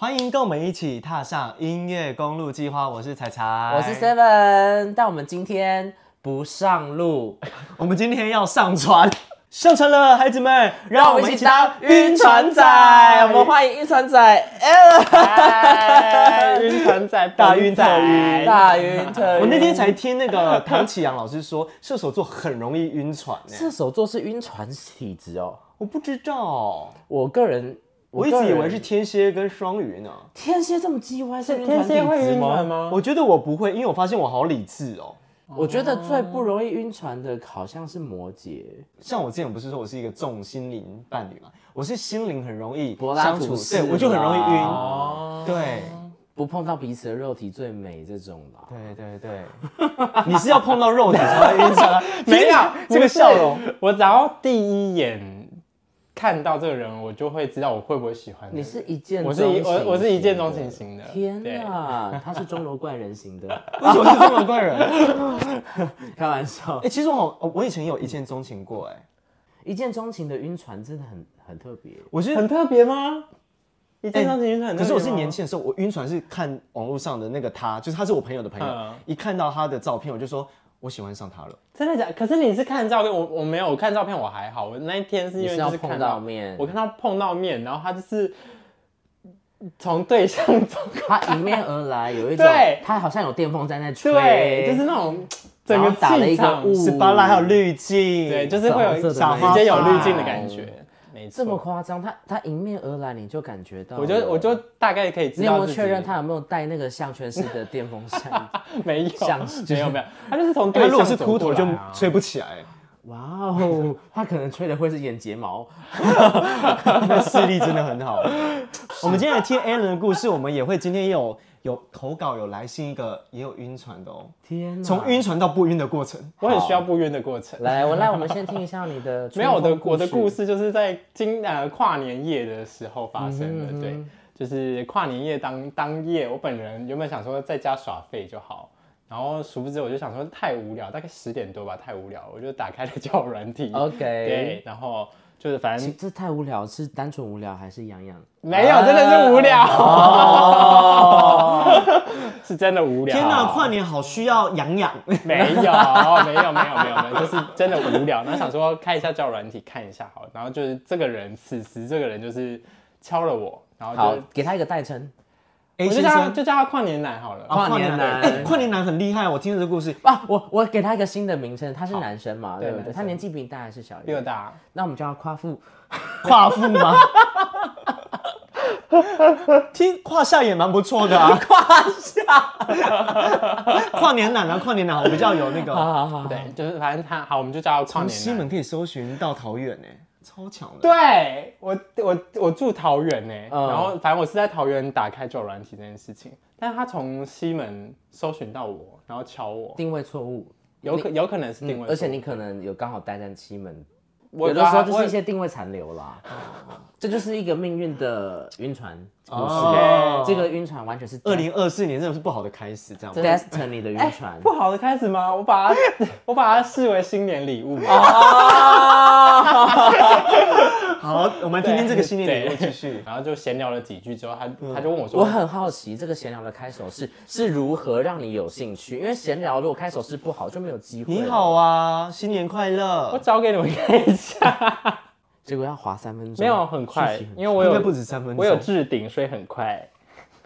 歡迎跟我們一起踏上音樂公路計劃，我是柴柴，我是 Seven，但我們今天不上路， 我們今天要上船，上船了，孩子們，讓我們一起當暈船仔， 我們歡迎暈船仔，哈哈哈，暈船仔，大暈仔，大暈船。我那天才聽那個唐綺陽老師說，射手座很容易暈船耶，射手座是暈船體質哦，我不知道， 我個人。我一直以為是天蠍跟雙魚呢。天蠍這麼機歪，是天蠍會暈船嗎？我覺得我不會，因為我發現我好理智哦。我覺得最不容易暈船的，好像是摩羯。像我之前不是說我是一個重心靈伴侶嘛？我是心靈很容易相處，柏拉圖式的，對，我就很容易暈。哦，對，不碰到彼此的肉體最美這種吧？對對對，你是要碰到肉體才會暈船？沒有，這個笑容，我然後第一眼。看到這個人，我就會知道我會不會喜歡你。你是一見，我是我我是一見鍾情型的。天哪，他是鐘樓怪人型的。啊、為什麼我是鐘樓怪人， 開玩笑。哎、欸，其實我我以前有一見鍾情過哎、欸嗯。一見鍾情的暈船真的很很特別。我覺得很特別嗎？一見鍾情暈船、欸，可是我是年輕的時候，我暈船是看網絡上的那個他，就是他是我朋友的朋友，嗯、一看到他的照片，我就說。我喜歡上他了。真的假的？可是你是看照片，我我沒有，我看照片，我還好。我那一天是因為你是看到，你是碰到面，我看他碰到面，然後他就是從對象中看，他迎面而來，有一種對，他好像有電風在那吹，就是那種整個場打了一個霧，還有濾鏡，對，就是會有一種直接有濾鏡的感覺。這麼誇張，他他沒錯，迎面而來，你就感覺到，我就我就大概可以知道自。你有沒有確認他有沒有帶那個項圈式的電風扇？沒有，沒有，沒有，他就是從對、欸。如果是禿頭就吹不起來、欸。哇哦，他可能吹的會是眼睫毛，那 視力真的很好。 我們今天來聽 Allen 的故事，我們也會今天也有。有投稿，有來信一個，也有暈船的哦、喔。天哪！從暈船到不暈的過程，我很需要不暈的過程。好來，我來，我們先聽一下你的。 沒有，我的我的故事就是在今呃跨年夜的時候發生的。嗯哼嗯哼對，就是跨年夜當當夜，我本人原本想說在家耍廢就好，然後殊不知我就想說太無聊，大概十點多吧，太無聊，我就打開了交友軟體。OK，然後。就是反正這太無聊，是單純無聊還是養養？沒有，真的是無聊，是真的無聊。天哪，跨年好需要養養。沒有，沒有，沒有，沒有沒，就是真的無聊。那想說看一下交友軟體，看一下好了。然後就是這個人，此時這個人就是敲了我，然後就給他一個代稱。我就叫他，就叫他跨年男好了。跨年男，跨年男很厲害，我聽了這個故事。我我給他一個新的名稱，他是男生嘛，對不對？他年紀比你大還是小？比我大。那我們叫他夸父，夸父嗎？聽胯下也蠻不錯的啊，胯下。跨年男呢？跨年男。我比較有那個，對，就是反正他好，我們就叫他跨年。從西門可以搜尋到桃園。超強的，對，我我我住桃園呢，嗯、然後反正我是在桃園打開九軟體這件事情，但他從西門搜尋到我，然後敲我定位錯誤，有可你有可能是定位錯誤、嗯，而且你可能有剛好待在西門，我有的時候就是一些定位殘留啦，嗯、這就是一個命運的暈船。哦，這個暈船完全是二零二四年，真的是不好的開始，這樣。對 Destiny 的暈船、欸，不好的開始嗎？我把它，我把它視為新年禮物。啊好，我們聽聽這個新年禮物。繼續，然後就閒聊了幾句之後，他、嗯、他就問我說：“我很好奇，這個閒聊的開首是是如何讓你有興趣？因為閒聊如果開首是不好，就沒有機會。”你好啊，新年快樂！我找給你們看一下。 結果要滑三分鐘，沒有很快，因為我有不止三分鐘，我有置頂，所以很快，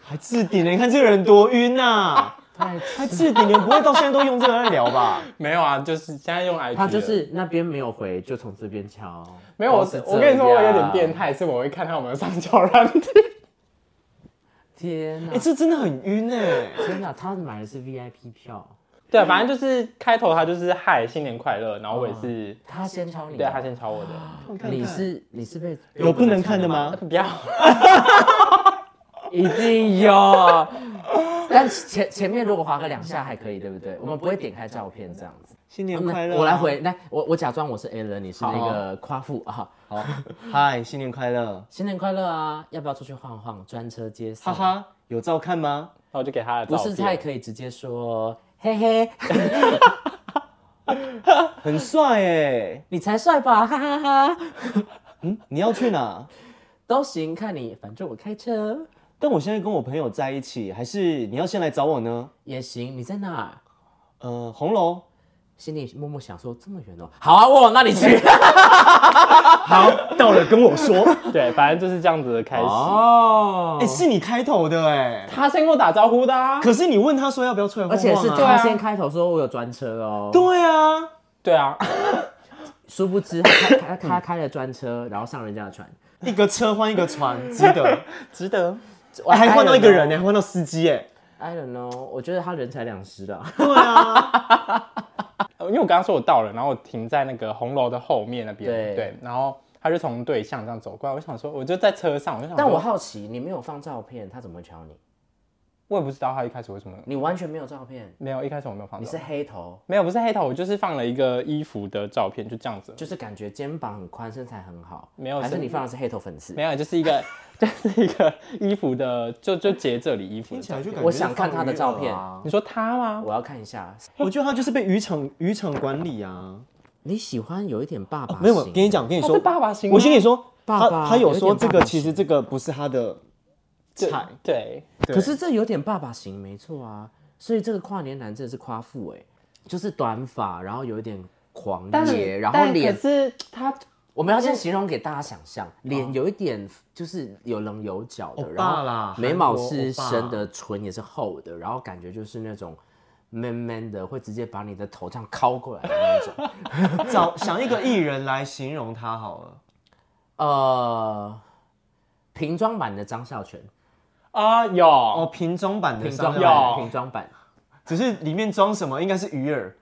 還置頂了，你看這個人多暈吶，還還置頂了，你們不會到現在都用這個來聊吧？沒有啊，就是現在用 I P，他就是那邊沒有回，就從這邊敲。沒有，我我跟你說，我有點變態，是我會看他有沒有上橋人。天哪，哎，這真的很暈哎！天哪，他買的是 V I P 票。對，反正就是開頭，他就是嗨，新年快樂，然後我也是。他先抄你。對，他先抄我的。你是你是被有不能看的嗎？不要。一定有。但前前面如果划個兩下還可以，對不對？我們不會點開照片這樣子。新年快樂！我來回來，我我假裝我是 Alan，你是那個夸父啊。好。嗨，新年快樂！新年快樂啊！要不要出去晃晃？專車接送。哈哈，有照看嗎？那我就給他的。不是他也可以直接說。嘿嘿， 很帥哎，欸！你才帥吧，哈哈哈。嗯，你要去哪？都行，看你。反正我開車。但我現在跟我朋友在一起，還是你要先來找我呢？也行，你在哪？嗯、呃、紅樓。心裡默默想說這麼遠哦，好啊，我往那裡去。好，到了跟我說。對，反正就是這樣子的開始。哦，哎，是你開頭的哎，他先跟我打招呼的。可是你問他說要不要出來？而且是他先開頭說我有專車哦。對啊，對啊。殊不知他開了專車，然後上人家的船，一個車換一個船，值得，值得。還換到一個人呢，換到司機哎。I don't know，我覺得他人財兩失了。對啊。因為我剛剛說我到了，然後我停在那個紅樓的後面那邊，對,對，然後他就從對向這樣走過來，我想說，我就在車上，我就想說，但我好奇你沒有放照片，他怎麼會瞧你？我也不知道他一開始為什麼，你完全沒有照片，沒有，一開始我沒有放，你是黑頭，沒有，不是黑頭，我就是放了一個衣服的照片，就這樣子，就是感覺肩膀很寬，身材很好，沒有，還是你放的是黑頭粉絲、嗯？沒有，就是一個。 這是一個衣服的，就就截這裡衣服。我想看他的照片。你說他嗎？我要看一下。我覺得他就是被漁場漁場管理啊對。你喜歡有一點爸爸沒有，我跟你講，我跟你說，爸爸型。我心裡說，他他有說這個，其實這個不是他的菜，對。對可是這有點爸爸型，沒錯啊。所以這個跨年男真的是夸父哎、欸，就是短髮，然後有一點狂野，然後臉，是他。我們要先形容給大家想象，嗯、臉有一點就是有稜有角的啦，然後眉毛是深的，唇也是厚的，然後感覺就是那種悶悶的，會直接把你的頭這樣敲過來的那種。 找 想一個藝人來形容他好了，呃，瓶裝版的張孝全啊，有哦，瓶裝版的張孝全，瓶裝，有裝版，瓶裝版。只是裡面裝什麼？應該是魚餌，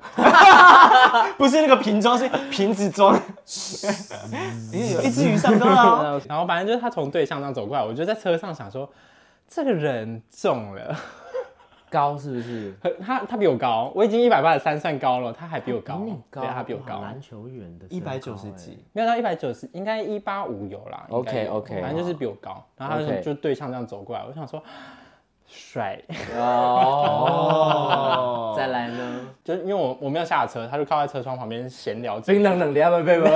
不是那個瓶裝，是瓶子裝。有一隻魚上鈎了。然後反正就是他從對向這樣走過來，我就在車上想說，這個人中了，高是不是？他他比我高，我已經一百八十三算高了，他還比我高，對他比我高。籃球員的一百九十幾，沒有到一百九十，應該一八五有啦。OK OK，反正就是比我高。然後他就就對向這樣走過來，我想說。帥。帥 哦， 再來呢？就因為我我沒有下車，他就靠在車窗旁邊閒聊這，冰冷冷，冷的阿貝貝。不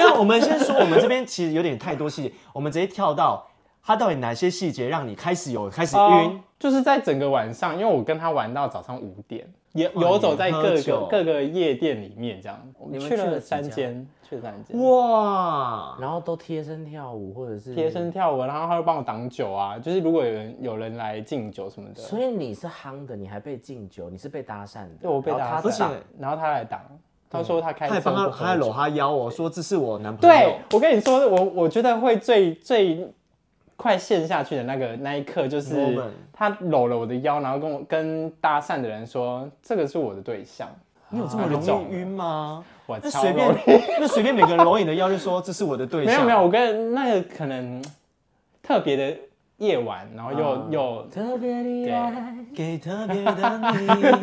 要， 我們先說我們這邊其實有點太多細節，我們直接跳到他到底哪些細節讓你開始有開始暈？哦，就是在整個晚上，因為我跟他玩到早上五點。遊遊走在各個各個夜店裡面，這樣，你們去了三間，去三間，哇！然後都貼身跳舞，或者是貼身跳舞，然後他會幫我擋酒啊，就是如果有人有人來敬酒什麼的，所以你是夯的，你還被敬酒，你是被搭訕的，對，我被搭訕，而且然後他來擋，他說他開，還幫他，還摟他腰，我說這是我男朋友。對，我跟你說，我我覺得會最最。快陷下去的那個那一刻，就是他摟了我的腰，然後跟我跟搭訕的人說：“這個是我的對象。啊”你有這麼容易暈嗎？我隨便，那隨便每個人摟你的腰就說這是我的對象。 沒有沒有，我跟那個可能特別的夜晚，然後又、啊、又特別的愛對給特別的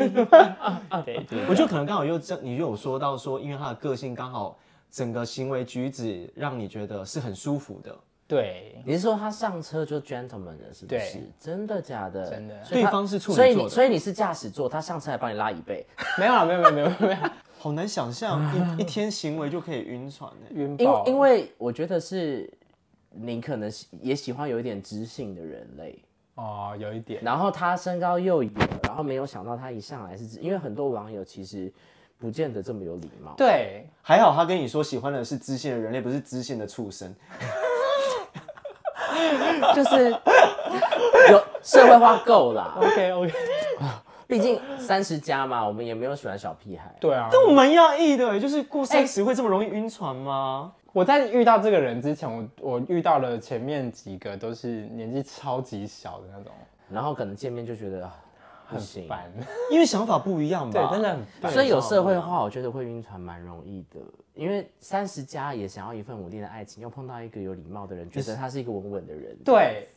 你。對對，我就可能剛好又正，你就有說到說，因為他的個性剛好整個行為舉止讓你覺得是很舒服的。對，你是說他上車就 gentleman 的，是不是？對真的假的？真的。所以對方是處女座，所以你是駕駛座，他上車還幫你拉椅背。 沒有了沒有了沒有沒有沒有，好難想象， 一一天行為就可以暈船暈。因為我覺得是你可能也喜歡有一點知性的人類哦，有一點。然後他身高又矮，然後沒有想到他一上來是，因為很多網友其實不見得這麼有禮貌。對，還好他跟你說喜歡的是知性的人類，不是知性的畜生。 就是有社會化夠啦，OK OK。畢竟三十加嘛，我們也沒有喜歡小屁孩。對啊，但我蠻訝異的，就是過三十會這麼容易暈船嗎？誒我在遇到這個人之前，我我遇到了前面幾個都是年紀超級小的那種，然後可能見面就覺得、啊、不行很煩，因為想法不一樣嘛。對，真的。所以有社會化，我覺得會暈船蠻容易的。因為三十加也想要一份穩定的愛情，又碰到一個有禮貌的人，Yes. 覺得他是一個穩穩的人。對，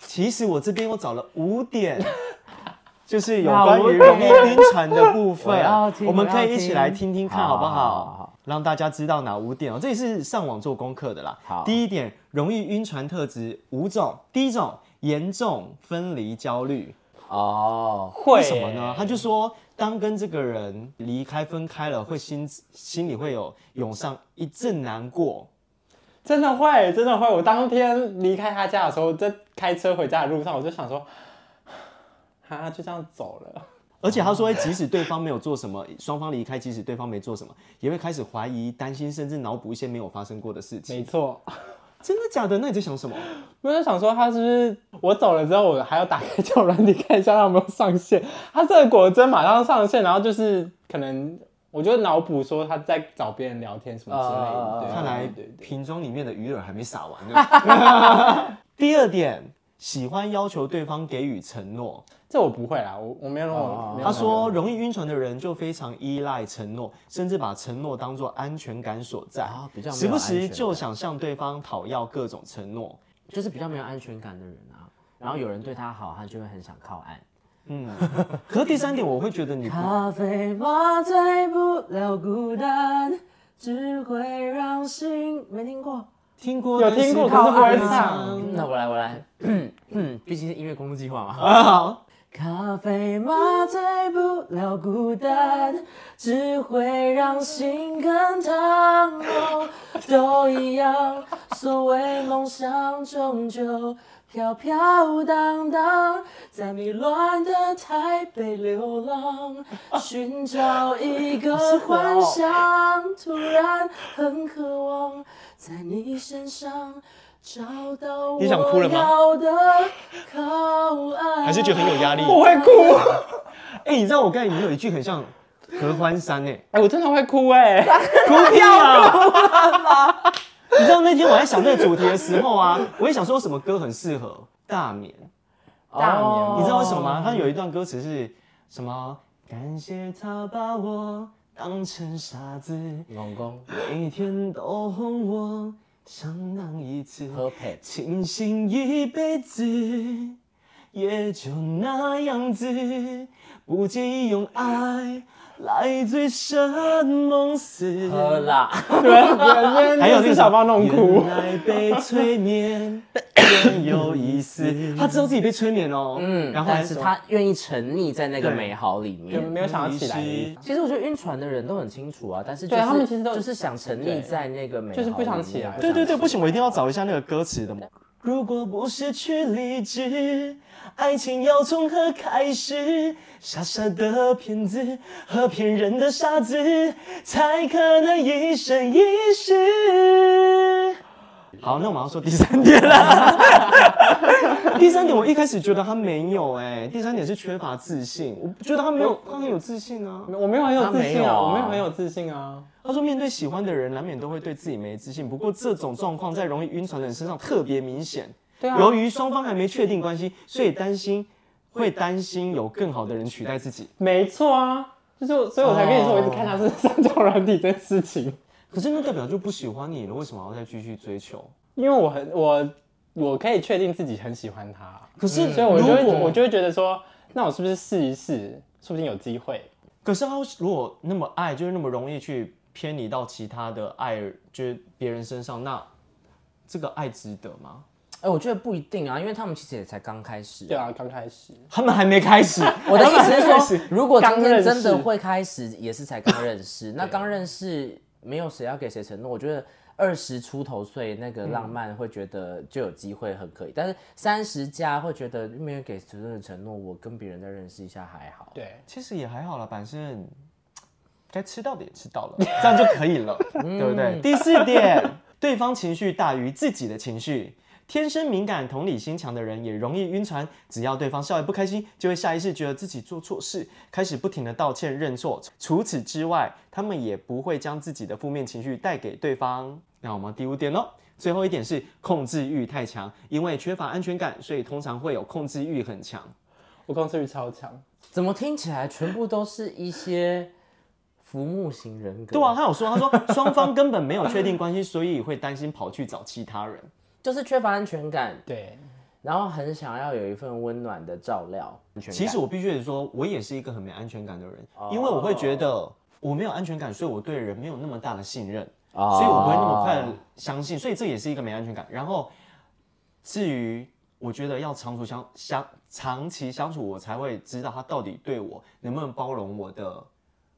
其實我這邊我找了五點， 就是有關於容易暈船的部分， 我，我，我們可以一起來聽聽看好不好？好好好好，讓大家知道哪五點哦。這也是上網做功課的啦。好，第一點，容易暈船特質五種，第一種嚴重分離焦慮。哦，會為什麼呢？他就說。當跟這個人離開分開了，會心心裡會有湧上一陣難過，真的會，真的會。我當天離開他家的時候，在開車回家的路上，我就想說，他就這樣走了。而且他說，即使對方沒有做什麼，雙方離開，即使對方沒做什麼，也會開始懷疑、擔心，甚至腦補一些沒有發生過的事情。沒錯。真的假的？那你在想什麼？不是，我在想說，他是不是我走了之後，我還要打開這個軟體看一下他有沒有上線？他這個果真馬上上線，然後就是可能，我就腦補說他在找別人聊天什麼之類的。呃、對對對。看來瓶中裡面的魚餌還沒撒完。 第二點，喜歡要求對方給予承諾。這我不會啊，我我沒有，那、哦、沒有，那他說，容易暈船的人就非常依賴承諾，甚至把承諾當做安全感所在啊、哦，比較沒有時不時就想向對方討要各種承諾，就是比較沒有安全感的人啊。然後有人對他好，他就會很想靠岸。嗯， 可是第三點，我會覺得你咖啡麻醉不了孤單，只會讓心沒聽過，聽過，有聽過，可是會唱。那我來，我來，嗯 嗯，畢竟是音樂公路計劃嘛，哦、好。好咖啡麻醉不了孤單，只會讓心更燙，哦。都一樣，所謂夢想終究飄飄蕩蕩，在迷亂的台北流浪，尋找一個幻想，突然很渴望在你身上。找到我要的你想哭了嗎？ 還是覺得很有壓力？我會哭。哎、 欸，你知道我剛才有有一句很像《合歡山》哎、欸？哎、欸，我真的會哭哎、欸！不 哭了 你知道那天我在想這個主題的時候啊，我也想說什麼歌很適合大眠？大眠，哦、你知道為什麼嗎？他有一段歌詞是什麼？感謝他把我當成傻子，老公，每天都哄我。 想當一次 Okay. 清醒一輩子，也就那樣子，不介意用愛來醉生夢死。呵啦！對，還有至少把我弄哭。有意思，他知道自己被催眠哦，嗯，然後，後但是他願意沉溺在那個美好裡面對、嗯，沒有想要起來。其實我覺得暈船的人都很清楚啊，但是，就是對他們其實都想就是想沉溺在那個美好裡面，就是不想起來。對對對，不行，我一定要找一下那個歌詞的嘛。對 如果不失去理智，愛情要從何開始？傻傻的騙子和騙人的傻子，才可能一生一世。好，那我們要說第三點啦。 第三點，我一開始覺得他沒有誒、欸、第三點是缺乏自信，我覺得他沒有，他很有自信啊。我沒有很有自信啊。我沒有很有自信啊。他說，面對喜歡的人，難免都會對自己沒自信。不過，這種狀況在容易暈船的人身上特別明顯。對啊。由於雙方還沒確定關係，所以擔心，會擔心有更好的人取代自己。沒錯啊，就是所以我才跟你說，我一直看他是三吊軟體這件事情。可是那代表就不喜歡你了，為什麼要再繼續追求？因為我很我我可以確定自己很喜歡他。可是所以我就我就會覺得說，那我是不是試一試，說不定有機會。可是他如果那麼愛，就是那麼容易去偏離到其他的愛，就是別人身上，那這個愛值得嗎？哎、欸，我覺得不一定啊，因為他們其實也才剛開始啊。對啊，剛開始，他們還沒開始。 我的意思是說， 他們如果當天真的會開始，剛也是才剛認識。對那剛認識。沒有誰要給誰承諾，我覺得二十出頭歲那個浪漫會覺得就有機會很可以，嗯、但是三十加會覺得沒有給誰承諾，我跟別人再認識一下還好。對，其實也還好啦，反正該吃到的也吃到了，這樣就可以了， 嗯、對不對？第四點，對方情緒大於自己的情緒。天生敏感、同理心強的人也容易暈船，只要對方稍微不開心，就會下意識覺得自己做錯事，開始不停地道歉認錯。除此之外，他們也不會將自己的負面情緒帶給對方。那我們第五點哦，最後一點是控制欲太強，因為缺乏安全感，所以通常會有控制欲很強。我控制欲超強，怎麼聽起來全部都是一些服務型人格？ 對啊，他有說，他說雙方根本沒有確定關係，所以會擔心跑去找其他人。就是缺乏安全感，對，然後很想要有一份溫暖的照料。安全其實我必須得說，我也是一個很沒安全感的人，哦、因為我會覺得我沒有安全感，所以我對人沒有那麼大的信任，哦、所以我不會那麼快相信，所以這也是一個沒安全感。然後至於我覺得要長相處相相長期相處，我才會知道他到底對我能不能包容我的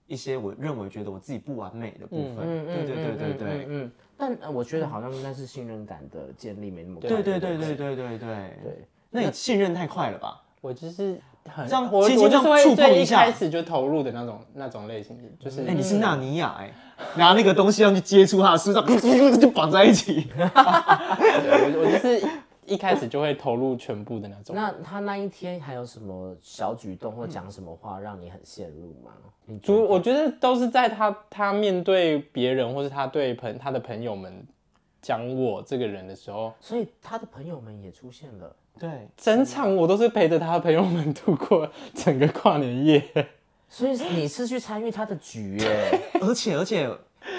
一些我認為覺得我自己不完美的部分。嗯嗯嗯、對，對對對對對，嗯。嗯嗯嗯但我覺得好像應該是信任感的建立沒那麼快，對對對對對對對，對，對 那你信任太快了吧？我就是這樣，我我這就觸碰一下，開始就投入的那種那種類型，就是、欸、你是納尼亞哎、欸，嗯、拿那個東西上去接觸他，身上 就綁在一起，我我就是。一開始就會投入全部的那種。 那他那一天還有什麼小舉動或講什麼話讓你很陷入嗎？主，嗯、對我覺得都是在他他面對別人或是他對朋他的朋友們講我這個人的時候，所以他的朋友們也出現了。對，整場我都是陪着他的朋友們度過整個跨年夜。所以你是去參與他的局耶，而且而且。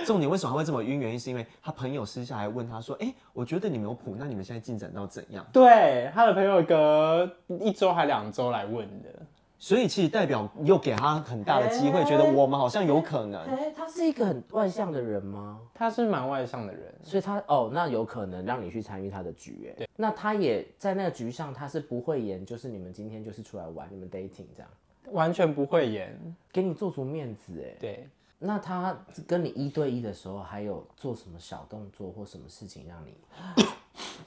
重點為什麼會這麼暈？原因是因為他朋友私下還問他說：“哎、欸，我覺得你們有譜，那你們現在進展到怎樣？”對，他的朋友隔一周還兩周來問的，所以其實代表又給他很大的機會，欸、覺得我們好像有可能。哎、欸欸，他是一個很外向的人嗎？他是蠻外向的人，所以他哦，那有可能讓你去參與他的局哎、欸，對，那他也在那個局上，他是不會演，就是你們今天就是出來玩，你們 dating 這樣，完全不會演，給你做足面子哎、欸。對。那他跟你一對一的時候，還有做什麼小動作或什麼事情讓你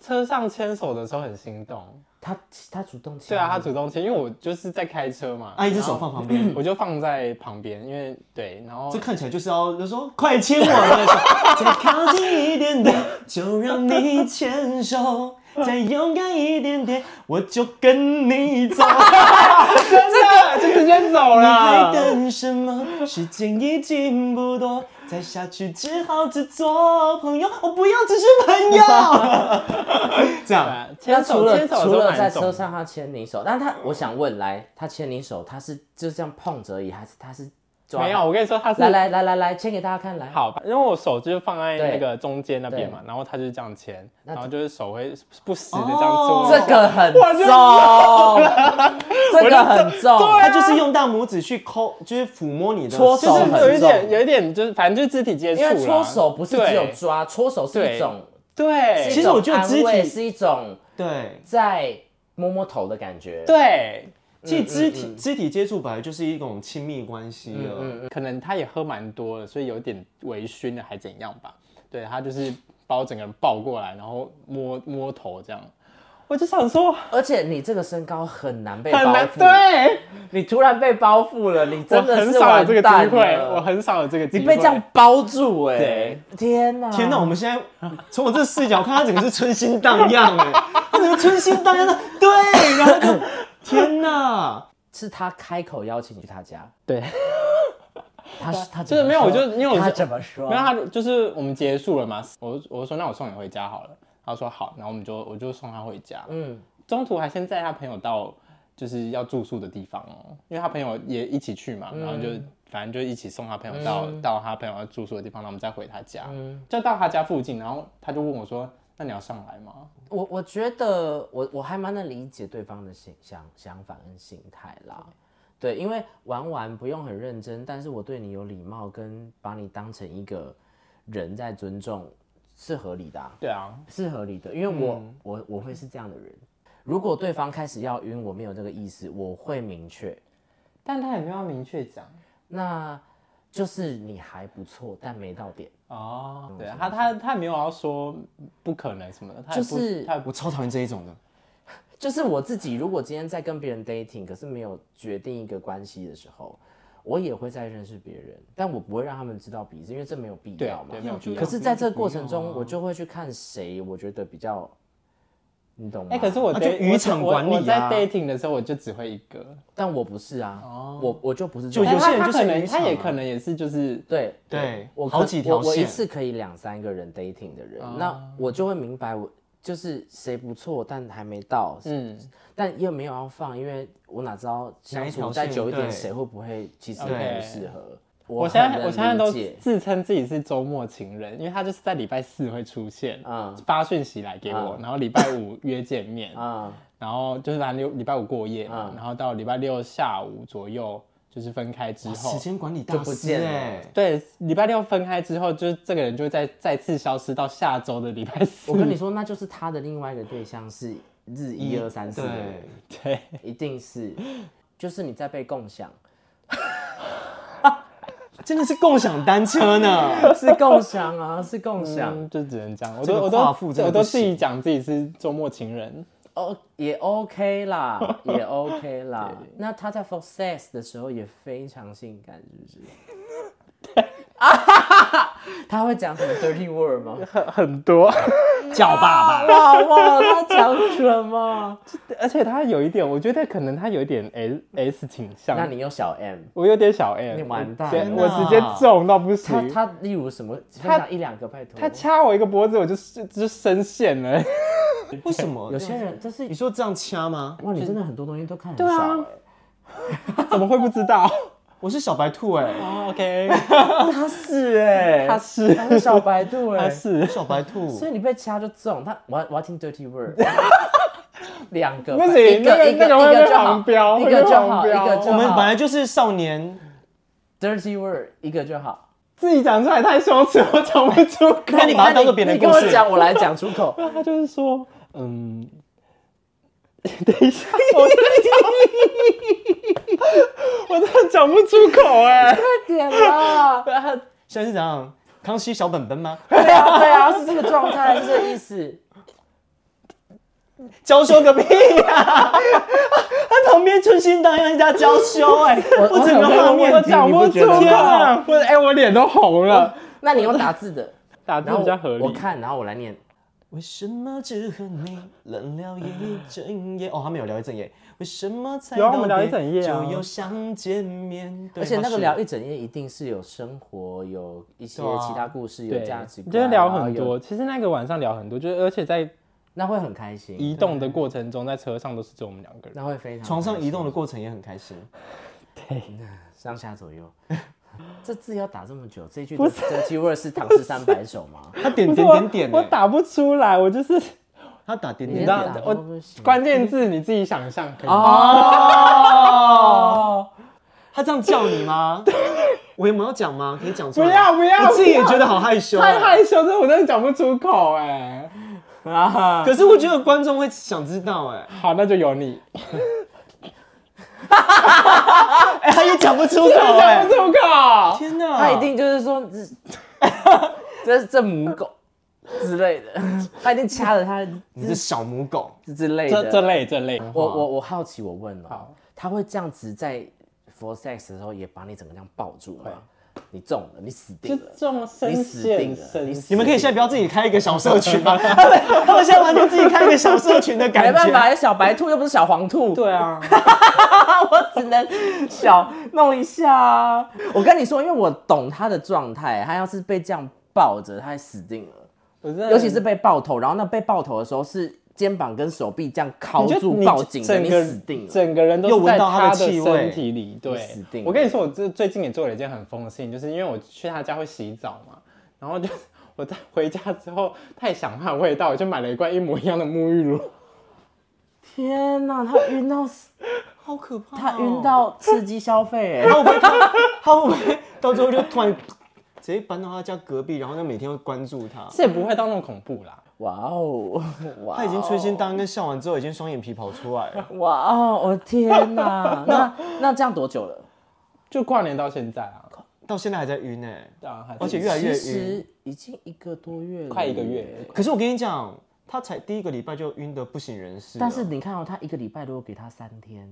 車上牽手的時候很心動？他他主動牽，對啊，他主動牽，因為我就是在開車嘛，他一隻手放旁邊，我就放在旁邊，啊， 因為對，然後這看起來就是要，哦，就說快牽我的手， 再靠近一點點，就讓你牽手，再勇敢一點點，我就跟你走。 時間走了。你還等什麼？時間已經不多，再下去只好只做朋友。我不要只是朋友。 這樣，他、嗯、除了的的除了在車上他牽你手，但他我想問，來，他牽你手，他是就這樣碰著而已，還是他是？沒有，我跟你說，他是來來來來來牽給大家看，來好，因為我手就放在那個中間那邊嘛，然後他就是這樣牽，然後就是手會不時的這樣做。這個很重，這個很重，他就是用大拇指去摳，就是撫摸你的搓手很重，有一點，有一點就是反正就是肢體接觸，因為搓手不是只有抓，搓手是一種對，其實我覺得肢體是一種對，在摸摸頭的感覺對。其實、嗯嗯嗯、肢體肢體接觸本來就是一種親密關係了、嗯嗯嗯，可能他也喝蠻多的，所以有點微醺的。還怎樣吧？對，他就是把我整個人抱過來，然後摸摸頭這樣。我就想說，而且你這個身高很難被包覆，很難，對，你突然被包覆了，你真的是我很少有這個機會，我很少有這個機會，你被這樣包住哎、欸！對天吶哪天哪！我們現在從我這視角看，他 整個是春心蕩漾哎，他怎麼春心蕩漾的？ 對，然後。咳咳天吶， 是他開口邀請你去他家？對，他是他，他怎麼說就是沒有，我就因為我他怎麼說沒有他就是我們結束了嘛，我我說那我送你回家好了，他說好，然後我們就我就送他回家，嗯，中途還先載他朋友到就是要住宿的地方哦、喔，因為他朋友也一起去嘛，然後就反正就一起送他朋友到、嗯、到他朋友要住宿的地方，然後我們再回他家，嗯，就到他家附近，然後他就問我說。那你要上來嗎？我我覺得我我還蠻能理解對方的想想想法跟心態啦，對，對，因為玩玩不用很認真，但是我對你有禮貌跟把你當成一個人在尊重，是合理的啊。對啊，是合理的，因為我、嗯、我我會是這樣的人。如果對方開始要暈，我沒有這個意思，我會明確。但他也沒有明確講。那就是你還不錯，但沒到點。哦，對他，他他沒有要說不可能什麼的，他就是他，我超討厭這一種的，就是我自己如果今天在跟別人 dating，可是沒有決定一個關係的時候，我也會再認識別人，但我不會讓他們知道彼此，因為這沒有必要嘛。對可是在這個過程中，就啊、我就會去看誰我覺得比較。你懂嗎？哎，可是我覺得漁場管理在 dating 的時候，我就只會一個，但我不是啊，我我就不是。就他他可能他也可能也是就是對對，我好幾條線，我一次可以兩三個人 dating 的人，那我就會明白我就是誰不錯，但還沒到，嗯，但又沒有要放，因為我哪知道相處再久一點，誰會不會其實很不適合。我現在我現在都自稱自己是周末情人，因為他就是在禮拜四會出現，發訊息來給我，然後禮拜五約見面，然後就是他六禮拜五過夜嘛，然後到禮拜六下午左右就是分開之後，時間管理大師。對，禮拜六分開之後，就是這個人就會再再次消失到下周的禮拜四。我跟你說，那就是他的另外一個對象是日一二三四，對，一定是，就是你在被共享。真的是共享單車呢， 是共享啊，是共享，嗯、就只能這樣，我都我都我都自己講自己是周末情人，哦也 OK 啦，也 OK 啦。 對那他在《Forces》的時候也非常性感，不、就是。啊哈哈。 他會講什麼 dirty word 嗎？很很多，叫爸爸，爸他講什麼？而且他有一點，我覺得可能他有一點 s s 傾向。那你有小 m？我有點小 m，你完蛋，我直接中到不行。他例如什麼？他一兩個拜托，他掐我一個脖子，我就就深陷了。為什麼？有些人就是你說這樣掐嗎？哇，你真的很多東西都看很少。對啊，怎麼會不知道？我是小白兔哎，OK，他是哎，他是他是小白兔哎，他是小白兔，所以你被掐就中他，我要我要聽 dirty word，兩個不是一個一個一個就好，一個就好，一個就好。我們本來就是少年 dirty word，一個就好。自己講出來太羞恥，我講不出口。那你把它當做別人的故事，你跟我講，我來講出口。那他就是說，嗯。等一下，我真的講，我真的講不出口哎。快點吧！現在是怎樣？康熙小本本嗎？對啊，對啊，是這個狀態，是這個意思。嬌羞個屁啊！他旁邊春心蕩漾，人家嬌羞哎，我整個畫面都講不出啊！我哎，我臉都紅了。那你用打字的，打字比較合理。我看，然後我來念。為什麼只和你能聊一整夜？哦，他們有聊一整夜。有為什麼才跟我們聊一整夜？就又想見面？而且那個聊一整夜一定是有生活，有一些其他故事，啊、有價值。對，就聊很多。其實那個晚上聊很多，就是而且在那會很開心。移動的過程中，對在車上都是只有我們兩個人，那會非常。床上移動的過程也很開心。對、嗯，上下左右。 這字要打這麼久，這句這句 words 是《唐詩三百首》嗎？他點點點點，我打不出來，我就是他打點點點的，我關鍵字你自己想象。可以哦，他這樣叫你嗎？我有沒有講嗎？可以講出來。不要不要，我自己也覺得好害羞，太害羞了，這我真的講不出口哎。啊，可是我覺得觀眾會想知道哎。好，那就由你。哈，哎，他也講不，的的不出口，講不出口，天吶，他一定就是說這， 這這母狗之類的， 他一定掐了他，你是小母狗之類的，這這類這類，這類我我我好奇，我問了、喔，好他會這樣子在 for sex 的時候也把你怎麼樣抱住嗎？對你中了，你死定了！中了，你死定了！你你們可以現在不要自己開一個小社群嗎？ 他們他們現在完全自己開一個小社群的感覺，沒辦法，有小白兔又不是小黃兔。對啊， 我只能小弄一下啊！ 我跟你說，因為我懂他的狀態，他要是被這樣抱着，他還死定了。是尤其是被爆頭，然後那被爆頭的時候是。肩膀跟手臂這樣靠住抱緊，你你整個死定了，整個人都在他的身體裡，對，我跟你說，我這最近也做了一件很瘋的事情，就是因為我去他家會洗澡嘛，然後就我在回家之後太想他的味道，我就買了一罐一模一樣的沐浴露。天哪，他暈到死， 好可怕喔！他暈到刺激消費，哎， 他會不會到最後就突然直接搬到他家隔壁，然後就每天會關注他？這也不會到那麼恐怖啦。哇哦！哇哦，他已經吹心當跟笑完之後，已經雙眼皮跑出來了。哇哦，我的天哪！ 那那這樣多久了？就跨年到現在啊，到現在還在暈呢，對啊，還而且越來越暈。其實已經一個多月了，快一個月。可是我跟你講，他才第一個禮拜就暈得不省人事。但是你看哦，他一個禮拜都給他三天。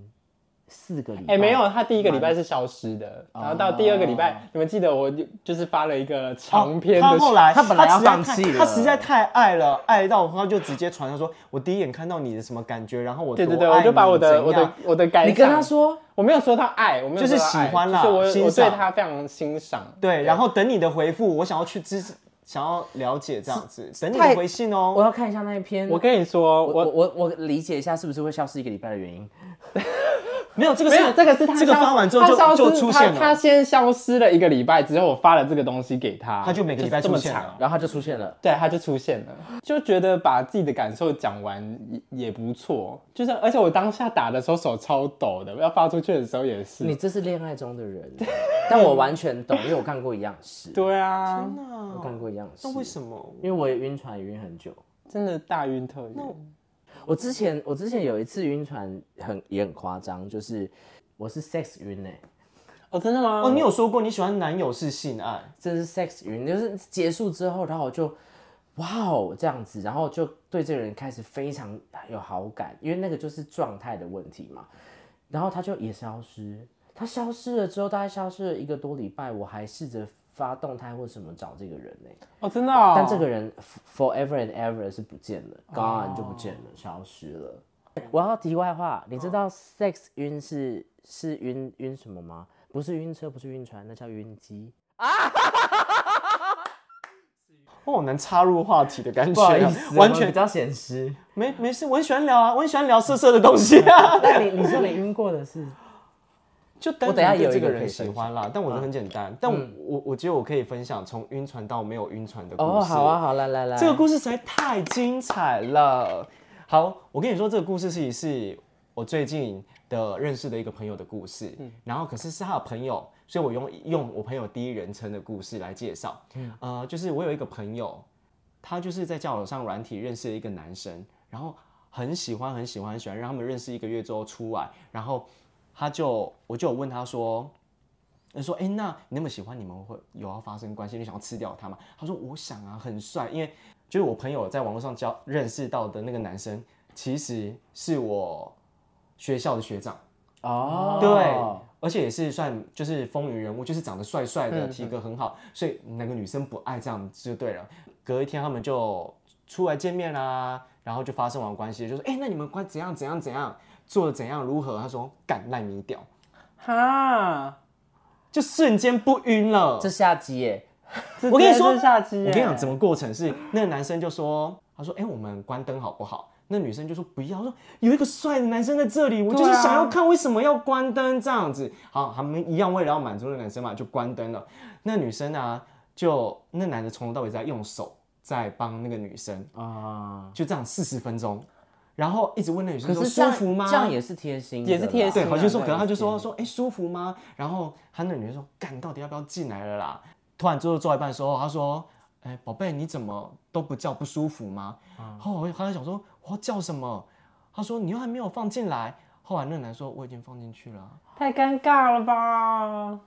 四個禮拜，哎，沒有，他第一個禮拜是消失的，然後到第二個禮拜，你們記得我就是發了一個長篇的。他後來他本來要放棄了，他實在太愛了，愛到他就直接傳上說，我第一眼看到你的什麼感覺，然後我對對對，我就把我的我的我的感，你跟他說，我沒有說他愛，我沒有就是喜歡了，我對他非常欣賞。對，然後等你的回復，我想要去知，想要了解這樣子，等你回信哦，我要看一下那一篇。我跟你說，我我我理解一下是不是會消失一個禮拜的原因。沒有這個，沒有這個是他這個發完之後就就出現了。他先消失了一個禮拜之後，我發了這個東西給他，他就每個禮拜這麼長，然後他就出現了。對，他就出現了，就覺得把自己的感受講完也不錯。就是而且我當下打的時候手超抖的，要發出去的時候也是。你這是戀愛中的人，但我完全懂，因為我幹過一樣事。對啊，天吶。我幹過一樣事。那為什麼？因為我也暈船暈很久，真的大暈特暈。我之前我之前有一次暈船，很也很誇張，就是我是 sex 暈呢、欸？哦，真的嗎？我哦你有說過你喜歡男友是性愛，這是 sex 暈，就是結束之後，然後我就哇哦這樣子，然後就對這個人開始非常有好感，因為那個就是狀態的問題嘛，然後他就也消失，他消失了之後大概消失了一個多禮拜，我還試着。發動態或什麼找這個人呢、欸？哦，真的啊、哦！但這個人 forever and ever 是不見了、oh.，gone 就不見了，消失了。Oh. 我要題外話，oh. 你知道 sex 暈是是暈暈什麼嗎？不是暈車，不是暈船，那叫暈機。 哦，能插入話題的感覺、啊，不好意思，完全比較現實。沒沒事，我很喜歡聊啊，我很喜歡聊色色的東西啊。 你你說你暈過的是？就等下有這個人喜歡了，但我覺得很簡單。嗯、但我我覺得我可以分享從暈船到沒有暈船的故事。哦，好啊，好來來來，這個故事實在太精彩了。好，我跟你說，這個故事是是，我最近的認識的一個朋友的故事。嗯，然後可是是他的朋友，所以我用用我朋友第一人稱的故事來介紹。嗯，呃，就是我有一個朋友，他就是在交友上軟體認識了一個男生，然後很喜歡很喜歡很喜歡，讓他們認識一個月之後出來，然後。他就我就有問他說，他說哎、欸，那你那麼喜歡，你們會有要發生關係，你想要吃掉他嗎？他說我想啊，很帥。因為就是我朋友在網絡上交認識到的那個男生，其實是我學校的學長哦，對，而且也是算就是風雲人物，就是長得帥帥的，嗯嗯體格很好，所以哪個女生不愛，這樣就對了。隔一天他們就出來見面啦，啊，然後就發生完關係，就說哎、欸，那你們快怎樣怎樣怎樣。做了怎樣如何？他說敢爛你屌，掉哈，就瞬間不暈了。這下集耶！ 我跟你說，下集我跟你講整個過程是，那個男生就說，他說，哎、欸，我們關燈好不好？那女生就說不要。說有一個帥的男生在這裡，我就是想要看，為什麼要關燈這樣子？啊、好，他們一樣為了要滿足那個男生嘛，就關燈了。那女生啊，就那男的從頭到尾在用手在幫那個女生啊，就這樣四十分鐘。然後一直問那女生說：“舒服嗎？”這樣也是貼心，也是貼心。對，好輕鬆。然後她就說：“說說就說哎、欸，舒服嗎？”然後她那女生說：“幹，到底要不要進來了啦？”突然做做做一半的時候，她說：“哎、欸，寶貝，你怎麼都不叫不舒服嗎？”嗯、後我還在想說：“我叫什麼？”她說：“你又還沒有放進來。”後來那男說：“我已經放進去了。”太尷尬了吧！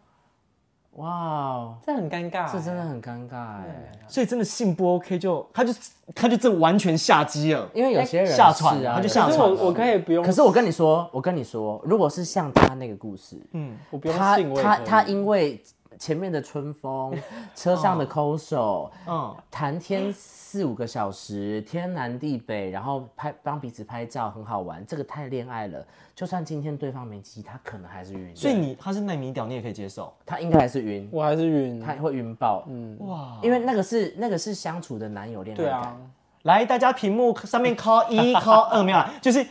哇，哦，Wow, 這很尷尬，這真的很尷尬誒。對所以真的性不 OK，就他就他就這完全下機了，因為有些人下船串啊，所以我，我對我可以不用。可是我跟你說，我跟你說，如果是像他那個故事，嗯，我不用信他我他他，他因為。前面的春風，車上的摳手、嗯，嗯，談天四五個小時，天南地北，然後拍，幫彼此拍照，很好玩。這個太戀愛了，就算今天對方沒機，他可能還是暈。所以你他是耐迷屌，你也可以接受，他應該還是暈，我還是暈，他會暈爆，嗯，哇，因為那個是那個是相處的男友戀愛感，對啊來，大家屏幕上面扣一扣二，沒有，就是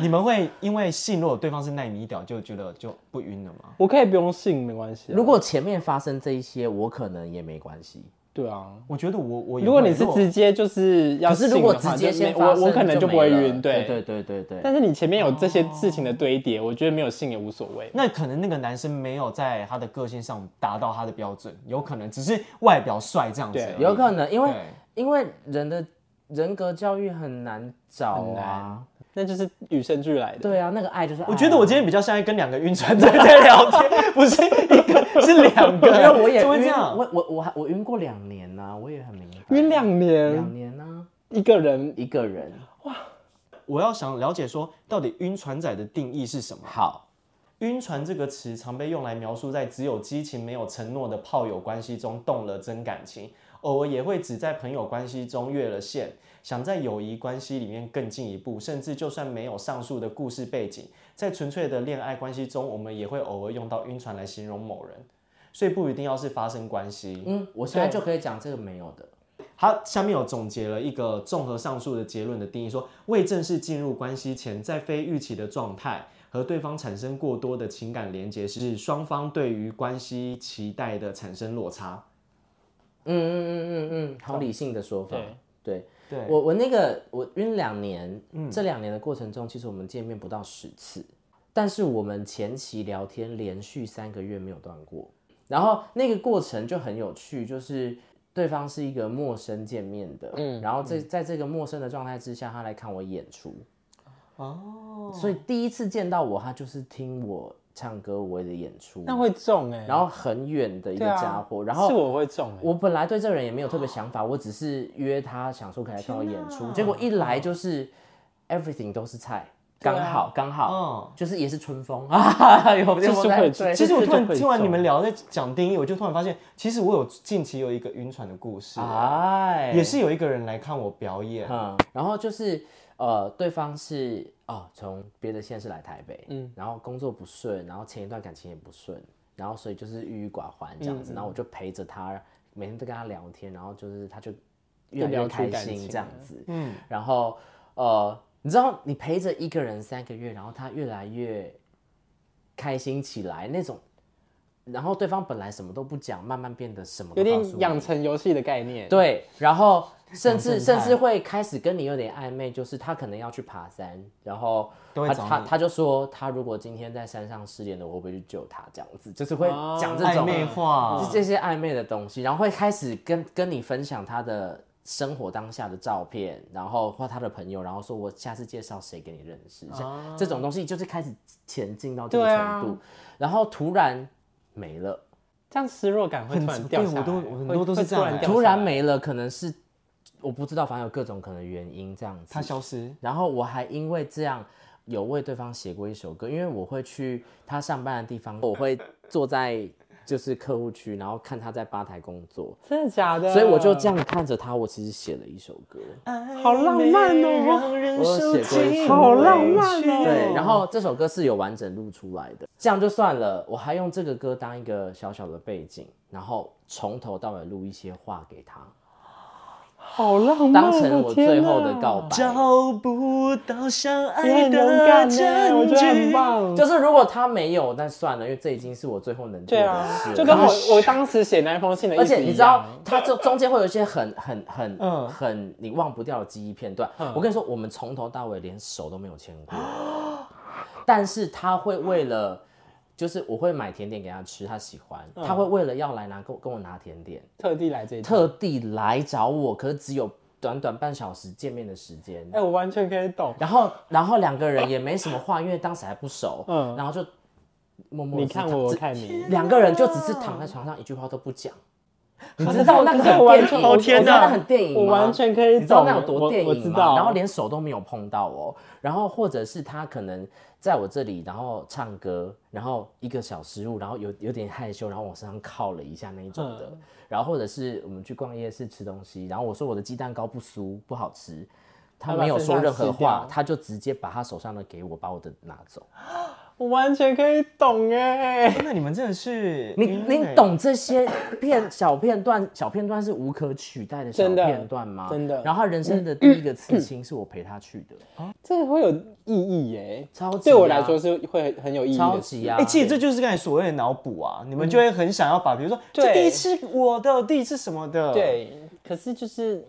你們會因為信，如果對方是奈米屌，就覺得就不暈了嗎？我可以不用信，沒關係。如果前面發生這一些，我可能也沒關係。對啊，我覺得我我如果你是直接就是要信直接先發我我可能就不會暈。對對對對對。但是你前面有這些事情的堆疊，我覺得沒有信也無所謂。那可能那個男生沒有在他的個性上達到他的標準，有可能只是外表帥這樣子。有可能，因為因為人的。人格教育很難找啊，那就是與生俱來的。對啊，那個愛就是愛、啊。我覺得我今天比較像在跟兩個暈船仔在聊天， 不是一個， 是兩個。因為我也暈，我我我我暈過兩年吶、啊，我也很明白。暈兩年，兩年呢、啊，一個人一個人。個人哇，我要想了解說，到底暈船仔的定義是什麼？好，暈船這個詞常被用來描述在只有激情沒有承諾的炮友關係中動了真感情。偶爾也會只在朋友關係中越了線，想在友誼關係裡面更進一步，甚至就算沒有上述的故事背景，在純粹的戀愛關係中，我們也會偶爾用到暈船來形容某人，所以不一定要是發生關係。嗯，我現在就可以講這個沒有的。嗯、好，下面我總結了一個綜合上述的結論的定義說：說未正式進入關係前，在非預期的狀態和對方產生過多的情感連結，是雙方對於關係期待的產生落差。嗯嗯嗯嗯嗯，好理性的說法。Oh, 對，對，對我我那個我暈兩年，這兩年的過程中，其實我們見面不到十次，嗯、但是我們前期聊天連續三個月沒有斷過。然後那個過程就很有趣，就是對方是一個陌生見面的，嗯，然後在在這個陌生的狀態之下，他來看我演出，哦，oh. 所以第一次見到我，他就是聽我唱歌，我也得演出。那會中哎，然後很遠的一個傢伙，然後是我會中哎，我本來對這人也沒有特別想法，我只是約他想說給他做演出，結果一來就是 everything 都是菜，剛好剛好，嗯，就是也是春風啊，有春風在。其實我突然聽完你們聊，在講定義，我就突然發現，其實我有近期有一個暈船的故事，哎，也是有一個人來看我表演，然後就是。呃，對方是哦，從別的縣市來台北，嗯，然後工作不順，然後前一段感情也不順，然後所以就是鬱鬱寡歡這樣子，嗯嗯，然後我就陪着他，每天都跟他聊天，然後就是他就越來越開心這樣子，嗯，然後呃，你知道你陪着一個人三個月，然後他越來越開心起來那種，然後對方本來什麼都不講，慢慢變得什麼都告訴你，有點養成遊戲的概念，對，然後。甚至甚至會開始跟你有點曖昧，就是他可能要去爬山，然後、啊、他他他就說，他如果今天在山上失聯了，我會不會去救他，這樣子就是會講這種哦、曖昧話，這些曖昧的東西，然後會開始跟跟你分享他的生活當下的照片，然後或他的朋友，然後說我下次介紹誰給你認識，哦、像這種東西就是開始前進到這個程度，啊、然後突然沒了，這樣失落感會突然掉下來、嗯、對，我都我很多都是這樣突然掉突然沒了，可能是。我不知道，反正有各種可能原因這樣子，他消失，然後我還因為這樣有為對方寫過一首歌，因為我會去他上班的地方，我會坐在就是客戶區，然後看他在吧台工作。真的假的？所以我就這樣看着他，我其實寫了一首歌。好浪漫哦，我寫過，好浪漫哦，對，然後這首歌是有完整錄出來的，這樣就算了，我還用這個歌當一個小小的背景，然後從頭到尾錄一些話給他。好浪漫，當成我最後的告白。找天啊，我覺得很棒。就是如果他沒有，那算了，因為這已經是我最後能做的事。對啊，就跟我噓我當時寫那封信的一。而且你知道，他這中間會有一些很很很很，嗯，很你忘不掉的記憶片段。嗯，我跟你說，我們從頭到尾連手都沒有牽過，嗯，但是他會為了。就是我會買甜點給他吃，他喜歡，嗯、他會為了要來拿跟跟我拿甜點，特地來這裡，特地來找我，可是只有短短半小時見面的時間。哎、欸，我完全可以懂。然後，然後兩個人也沒什麼話， 因為當時還不熟。嗯，然後就默默你看我，我看你，只哪兩個人就只是躺在床上，一句話都不講。你知道那個電影？我真的很電影，我完全可以。你知道那有多電影嗎？我我知道，然後連手都沒有碰到哦。然後或者是他可能在我這裡，然後唱歌，然後一個小失誤，然後有有點害羞，然後往身上靠了一下那一種的。嗯、然後或者是我們去逛夜市吃東西，然後我說我的雞蛋糕不酥不好吃，他沒有說任何話，啊、他，他就直接把他手上的給我，把我的拿走。我完全可以懂耶，那你們真的是你，哪哪你懂這些片小片段 小片段是無可取代的小片段嗎？真的。真的然後人生的第一個刺青是我陪他去的，這會有意義耶，超級、啊、對我來說是會很有意義的，超級哎、啊欸。其實這就是剛才所謂的腦補啊，嗯、你們就會很想要把，比如說對這第一次我的第一次什麼的，對，可是就是。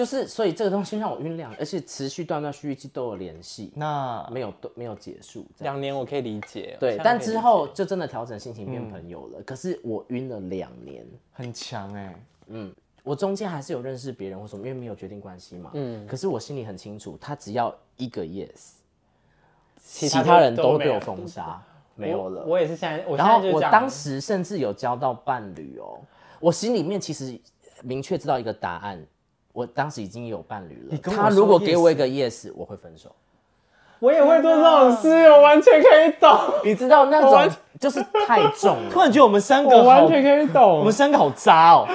就是，所以這個東西讓我暈兩年，而且持續斷斷續續都有聯繫，那沒有都沒有結束。兩年我可以理解，對，但之後就真的調整心情變朋友了。可是我暈了兩年，很強欸，嗯，我中間還是有認識別人或什麼，因為沒有決定關係嘛，嗯。可是我心裡很清楚，他只要一個 yes，其他人都被我封殺，沒有了。我也是現在，然後我當時甚至有交到伴侶哦，我心裡面其實明確知道一個答案。我當時已經有伴侶了，他如果給我一個 yes，我會分手。我也會做這種事，天哪，我完全可以懂。你知道那種就是太重了，突然覺得我們三個，我完全可以懂，我們三個好渣哦。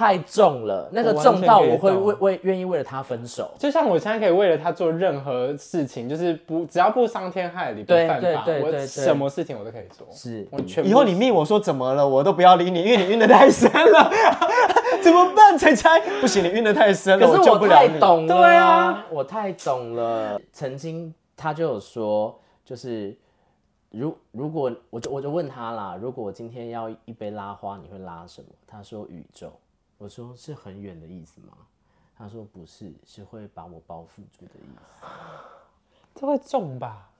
太重了，那個重到我會為為，為願意為了他分手，就像我現在可以為了他做任何事情，就是不只要不傷天害理，不犯法，對對對對對，我什麼事情我都可以做，是，我全部以後你密我說怎麼了，我都不要理你，因為你暈得太深了， 怎麼辦，柴柴？不行，你暈得太深了，可是我太懂了，我救不了你，對啊，我太懂了。曾經他就有說，就是如如果我就我就問他啦，如果我今天要一杯拉花，你會拉什麼？他說宇宙。我說是很遠的意思嗎？他說不是，是會把我包覆住的意思。這會重吧？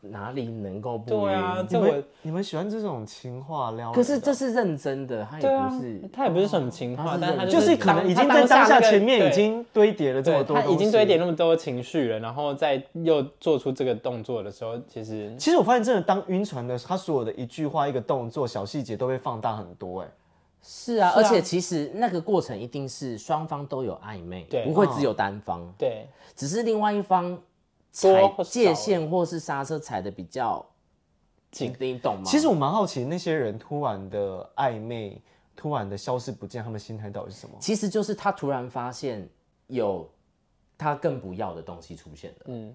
哪裡能夠不對啊，你們你們喜歡這種情話撩？可是這是認真的，他也不是、啊、他也不是什麼情話，但就是可能已經在當下前面已經堆疊了這麼多，他那個、他已經堆疊那麼多情緒了，然後再又做出這個動作的時候，其實其實我發現真的當暈船的，他所有的一句話、一個動作、小細節都會放大很多、欸，是啊，是啊，而且其實那個過程一定是雙方都有曖昧，對，不會只有單方，哦、對，只是另外一方踩界限或是剎車踩得比較緊，你懂嗎？其實我蠻好奇那些人突然的曖昧，突然的消失不見，他們心態到底是什麼？其實就是他突然發現有他更不要的東西出現了，嗯，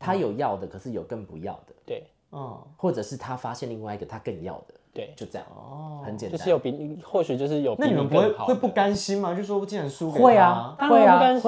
他有要的，嗯、可是有更不要的，對，嗯，或者是他發現另外一個他更要的。對，就這樣哦，很簡單，就是有比或許就是有。那你們不會會不甘心嗎？就說我竟然輸給你會啊，會啊，會啊，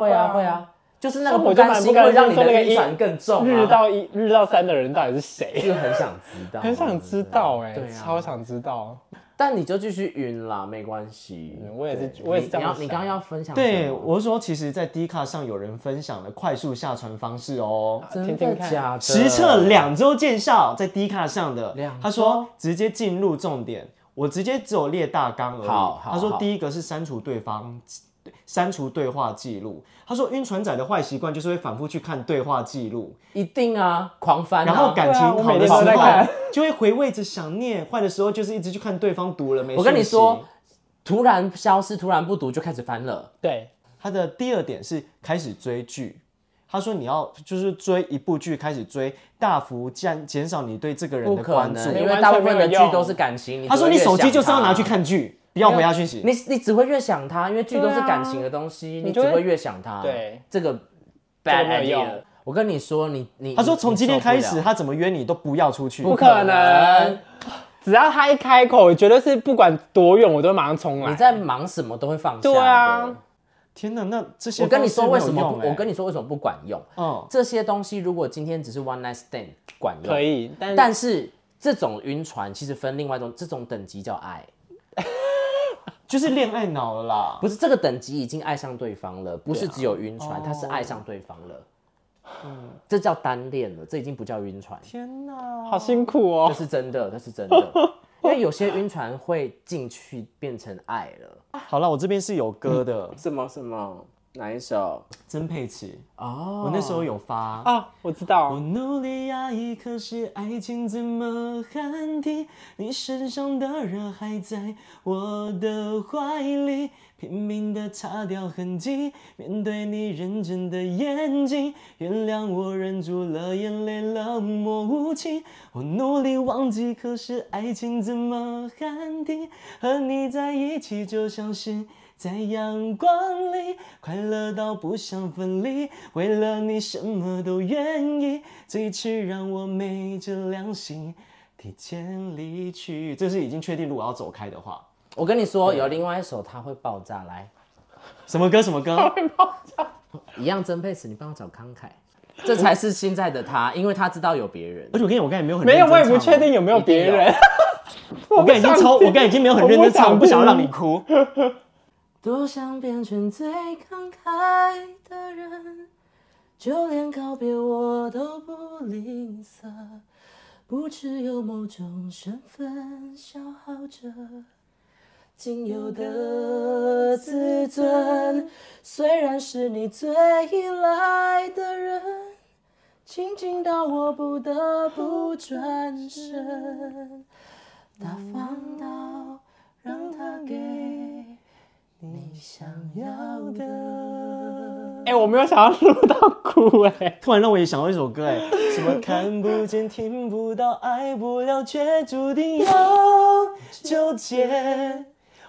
會啊，會啊，就是那個不甘心會讓你的衣產更重。日到一，日到三的人到底是誰？就很想知道，很想知道，哎，對，超想知道。但你就繼續暈啦，沒關係、嗯。我也是。你、你要你剛要分享。對，我是說，其實，在 D 卡上有人分享了快速下船方式哦。喔，真的假的？聽聽啊，聽聽實測兩週見效，在 D 卡上的。週他說，直接進入重點，我直接只有列大綱而已。他說，第一個是刪除對方。對，刪除對話記錄。他說，暈船仔的壞習慣就是會反覆去看對話記錄，一定啊，狂翻、啊。然後感情好的時候、啊、看 就會回味着想念，壞的時候就是一直去看對方讀了沒。我跟你說，突然消失，突然不讀就開始翻了。對，他的第二點是開始追劇。他說你要就是追一部劇，開始追，大幅減減少你對這個人的關注，因為，因為大部分的劇都是感情。你他，他說你手機就是要拿去看劇。不要回家休息。你你只會越想他，因為劇都是感情的東西，你只會越想他。對，這個 bad idea。我跟你說，你你他說從今天開始，他怎麼約你都不要出去。不可能，只要他一開口，我覺得是不管多遠，我都馬上衝來。你在忙什麼都會放下。對啊，天哪！那這些我跟你說為什麼我跟你說為什麼不管用？哦。這些東西如果今天只是 one night stand 管用，可以，但是這種暈船其實分另外一種，這種等級叫愛。就是戀愛腦了啦，不是這個等級已經愛上對方了，不是只有暈船，他是愛上對方了，啊 oh. 嗯，這叫單戀了，這已經不叫暈船。天哪，好辛苦哦，這是真的，這是真的，因為有些暈船會進去變成愛了。 好了，我這邊是有歌的，什麼什麼。哪一首？曾沛慈。哦，我那時候有發啊，我知道。我努力壓抑，可是愛情怎麼喊停？你身上的熱還在我的懷裡，拼命的擦掉痕跡。面對你認真的眼睛，原諒我忍住了眼淚，冷漠無情。我努力忘記，可是愛情怎麼喊停？和你在一起就像是。在陽光裡，快樂到不想分離。為了你，什麼都願意。最遲讓我昧着良心提前離去。這是已經確定，如果要走開的話，我跟你說，對有另外一首它會爆炸。來，什麼歌？什麼歌？會爆炸。一樣真配死。你幫我找慷慨， 這才是現在的他，因為他知道有別人。而且我跟你，我剛剛也沒有很、啊、沒有，我也不確定有沒有別人。 我剛剛已經超，我剛剛已經沒有很認真唱，我不,想不想讓你哭。 多想變成最慷慨的人，就連告別我都不吝嗇，不知有某種身份，消耗着僅有的自尊。自尊雖然是你最依賴的人，親近到我不得不轉身，大方的。想要哎、欸，我沒有想要錄到哭哎、欸，突然讓我也想到一首歌哎、欸，什麼看不見、聽不到、愛不了，卻注定要糾結。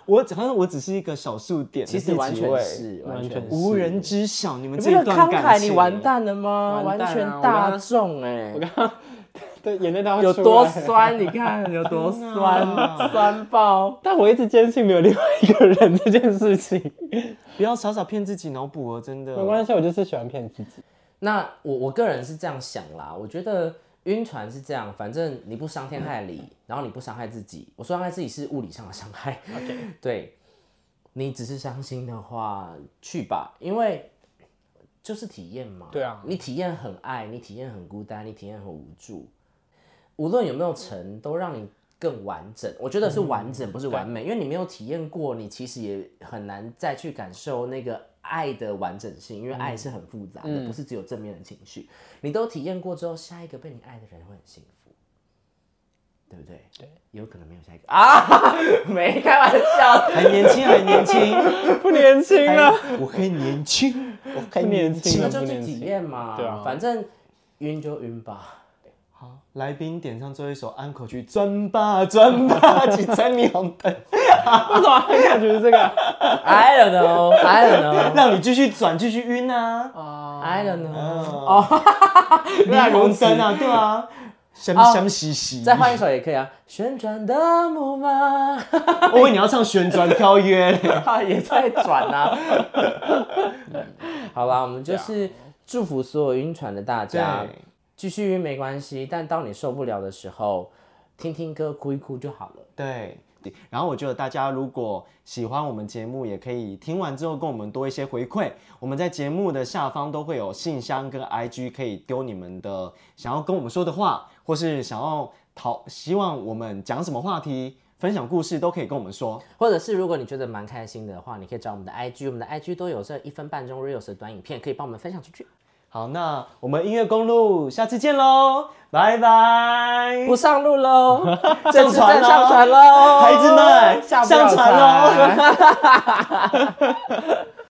我好像我只是一個小數點，其實完全是完全是無人知曉。你們這一段感情、欸、有有慷慨，你完蛋了嗎？完全、啊、大眾哎、欸。我剛剛我剛剛對，眼淚都會出來。有多酸？ 你看，有多酸， 酸爆！但我一直堅信沒有另外一個人這件事情。 不要少少騙自己腦補哦。真的。沒關係，我就是喜歡騙自己。那我我個人是這樣想啦，我覺得暈船是這樣，反正你不傷天害理，嗯、然後你不傷害自己。我說傷害自己是物理上的傷害。OK，對。你只是傷心的話，去吧，因為就是體驗嘛。對啊，你體驗很愛，你體驗很孤單，你體驗很無助。無論有沒有成，都讓你更完整。我覺得是完整，嗯、不是完美，對因為你沒有體驗過，你其實也很難再去感受那個愛的完整性。因為愛是很複雜的，嗯、不是只有正面的情緒。嗯、你都體驗過之後，下一個被你愛的人會很幸福，對不對？對，有可能沒有下一個啊！沒開玩笑，很年輕，很年輕， 不年輕了還。我很年輕，我很年輕，年輕年輕，那就去體驗嘛。對啊、反正暈就暈吧。好，來賓點唱最後一首安可曲，轉吧轉吧，幾盞霓虹燈。我怎麼感覺是這個？I don't know, I don't know。讓你繼續轉，繼續暈啊！哦、uh,，I don't know。哈哈哈，霓虹燈啊， 對啊，香香兮兮。 再換一首也可以啊。 旋轉的木馬。我以為你要唱旋轉跳躍，他也在轉啊。 好吧，我們就是祝福所有暈船的大家。繼續沒關係，但當你受不了的時候，聽聽歌哭一哭就好了。對對，然後我覺得大家如果喜歡我們節目，也可以聽完之後跟我們多一些回饋。我們在節目的下方都會有信箱跟 IG，可以丟你們的想要跟我們說的話，或是想要討希望我們講什麼話題、分享故事，都可以跟我們說。或者是如果你覺得蠻開心的話，你可以找我們的 IG，我們的 IG 都有這一分半鐘 Reels 的短影片，可以幫我們分享出去。好，那我們音樂公路，下次見嘍，拜拜！不上路嘍， 上船嘍咯，上船咯孩子們，船咯上船嘍！